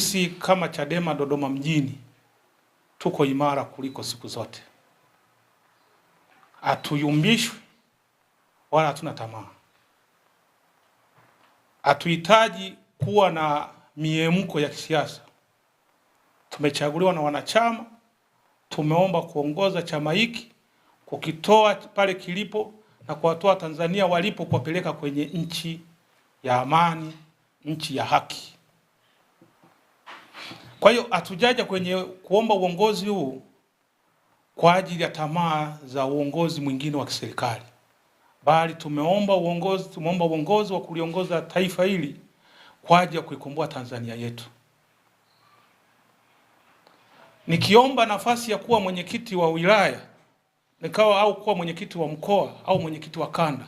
sisi kama Chadema Dodoma mjini tuko imara kuliko siku zote, hatuyumbishwi wala hatuna tamaa. Hatuhitaji kuwa na miemko ya kisiasa. Tumechaguliwa na wanachama, tumeomba kuongoza chama hiki, kukitoa pale kilipo na kuwatoa Tanzania walipo, kuwapeleka kwenye nchi ya amani, nchi ya haki. Kwa hiyo hatujaja kwenye kuomba uongozi huu kwa ajili ya tamaa za uongozi mwingine wa kiserikali, bali tumeomba uongozi, tumeomba uongozi wa kuliongoza taifa hili kwa ajili ya kuikomboa Tanzania yetu. Nikiomba nafasi ya kuwa mwenyekiti wa wilaya nikawa au kuwa mwenyekiti wa mkoa au mwenyekiti wa kanda,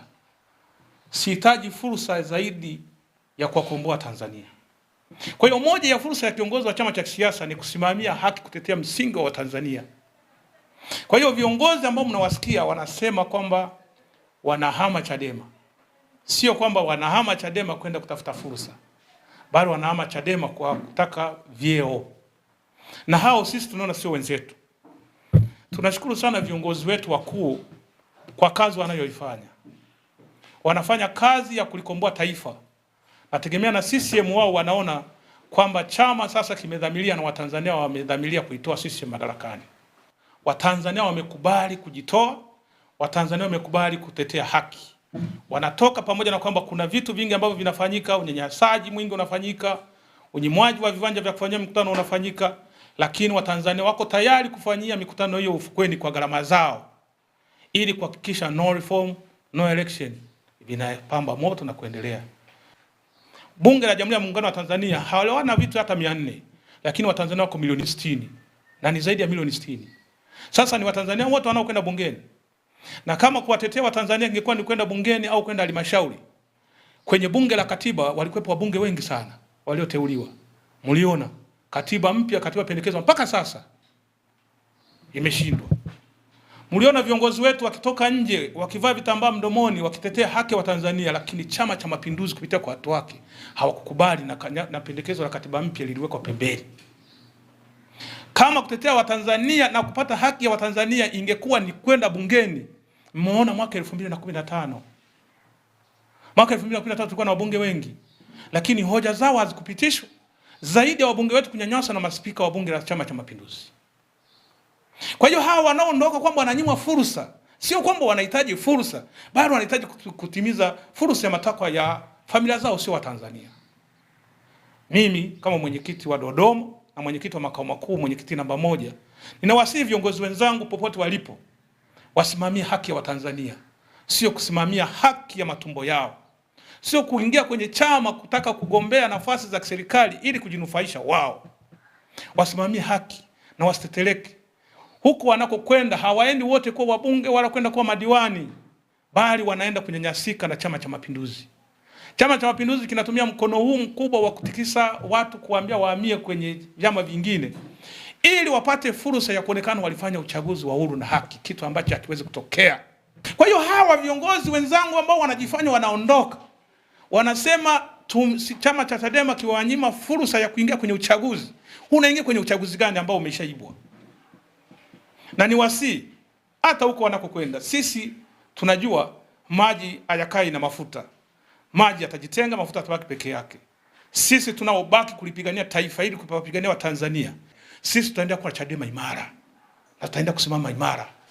sihitaji fursa zaidi ya kuwakomboa Tanzania. Kwa hiyo moja ya fursa ya kiongozi wa chama cha kisiasa ni kusimamia haki, kutetea msingi wa Tanzania. Kwa hiyo viongozi ambao mnawasikia wanasema kwamba wanahama Chadema, sio kwamba wanahama Chadema kwenda kutafuta fursa, bali wanahama Chadema kwa kutaka vyeo, na hao sisi tunaona sio wenzetu. Tunashukuru sana viongozi wetu wakuu kwa kazi wanayoifanya, wanafanya kazi ya kulikomboa taifa nategemea na CCM wao wanaona kwamba chama sasa kimedhamiria na Watanzania wamedhamiria kuitoa CCM madarakani. Watanzania wamekubali kujitoa, Watanzania wamekubali kutetea haki. Wanatoka pamoja na kwamba kuna vitu vingi ambavyo vinafanyika, unyanyasaji mwingi unafanyika, unyimwaji wa viwanja vya kufanyia mkutano unafanyika, lakini Watanzania wako tayari kufanyia mikutano hiyo ufukweni kwa gharama zao ili kuhakikisha no reform, no election vinapamba moto na kuendelea. Bunge la Jamhuri ya Muungano wa Tanzania hawalewana vitu hata 400 lakini Watanzania wako milioni 60 na ni zaidi ya milioni 60. Sasa ni Watanzania wote wanaokwenda bungeni, na kama kuwatetea Watanzania ingekuwa ni kwenda bungeni au kwenda halmashauri, kwenye bunge la katiba walikuwepo wabunge wengi sana walioteuliwa. Mliona katiba mpya, katiba pendekezwa mpaka sasa imeshindwa. Mliona viongozi wetu wakitoka nje wakivaa vitambaa mdomoni wakitetea haki wa Tanzania, lakini Chama cha Mapinduzi kupitia kwa watu wake hawakukubali na, na pendekezo la katiba mpya liliwekwa pembeni. Kama kutetea Watanzania na kupata haki ya wa Watanzania ingekuwa ni kwenda bungeni, mmeona mwaka 2015 mwaka 2015 tulikuwa na wabunge wengi, lakini hoja zao hazikupitishwa, zaidi ya wabunge wetu kunyanyaswa na maspika wa bunge la Chama cha Mapinduzi. Kwa hiyo hawa wanaondoka kwamba wananyimwa fursa, sio kwamba wanahitaji fursa, bali wanahitaji kutimiza fursa ya matakwa ya familia zao, sio Watanzania. Mimi kama mwenyekiti wa Dodoma na mwenyekiti wa makao makuu, mwenyekiti namba moja, ninawasihi viongozi wenzangu popote walipo wasimamie haki ya Watanzania, sio kusimamia haki ya matumbo yao, sio kuingia kwenye chama kutaka kugombea nafasi za serikali ili kujinufaisha wao. Wasimamie haki na wasiteteleke huku wanakokwenda hawaendi wote kuwa wabunge wala kwenda kuwa madiwani, bali wanaenda kunyanyasika na Chama cha Mapinduzi. Chama cha Mapinduzi kinatumia mkono huu mkubwa wa kutikisa watu, kuambia wahamie kwenye vyama vingine ili wapate fursa ya kuonekana walifanya uchaguzi wa huru na haki, kitu ambacho hakiwezi kutokea. Kwa hiyo hawa viongozi wenzangu ambao wanajifanya wanaondoka, wanasema tum, chama cha Chadema kiwanyima fursa ya kuingia kwenye uchaguzi. Unaingia kwenye uchaguzi gani ambao umeshaibwa? na ni wasii hata huko wanakokwenda. Sisi tunajua maji hayakai na mafuta, maji yatajitenga, mafuta yatabaki peke yake. Sisi tunaobaki kulipigania taifa hili, kupigania Watanzania, sisi tutaendelea kuwa Chadema imara na tutaendelea kusimama imara.